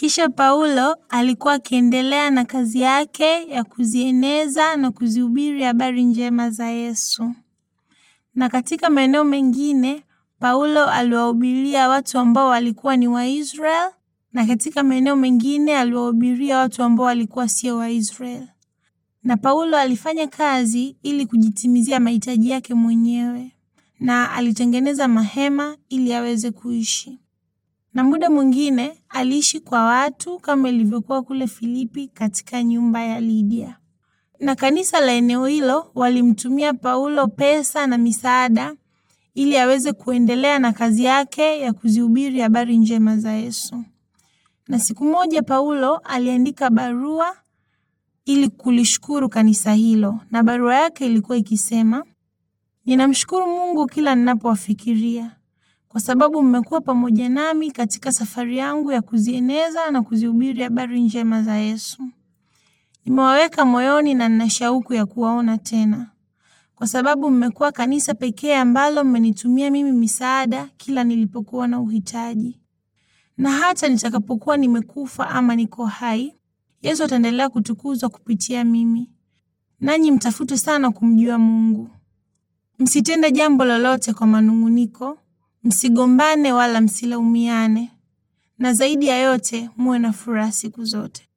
Kisha Paulo alikuwa akiendelea na kazi yake ya kuzieneza na kuzihubiri habari njema za Yesu. Na katika maeneo mengine Paulo aliwahubiria watu ambao walikuwa ni waisrael na katika maeneo mengine aliwahubiria watu ambao walikuwa sio waisrael Na Paulo alifanya kazi ili kujitimizia mahitaji yake mwenyewe na alitengeneza mahema ili aweze kuishi na muda mwingine aliishi kwa watu kama ilivyokuwa kule Filipi katika nyumba ya Lidia. Na kanisa la eneo hilo walimtumia Paulo pesa na misaada ili aweze kuendelea na kazi yake ya kuzihubiri habari njema za Yesu. Na siku moja Paulo aliandika barua ili kulishukuru kanisa hilo, na barua yake ilikuwa ikisema, ninamshukuru Mungu kila ninapowafikiria kwa sababu mmekuwa pamoja nami katika safari yangu ya kuzieneza na kuzihubiri habari njema za Yesu. Nimewaweka moyoni na nina shauku ya kuwaona tena, kwa sababu mmekuwa kanisa pekee ambalo mmenitumia mimi misaada kila nilipokuwa na uhitaji. Na hata nitakapokuwa nimekufa ama niko hai, Yesu ataendelea kutukuzwa kupitia mimi. Nanyi mtafute sana kumjua Mungu. Msitende jambo lolote kwa manung'uniko msigombane wala msilaumiane, na zaidi ya yote muwe na furaha siku zote.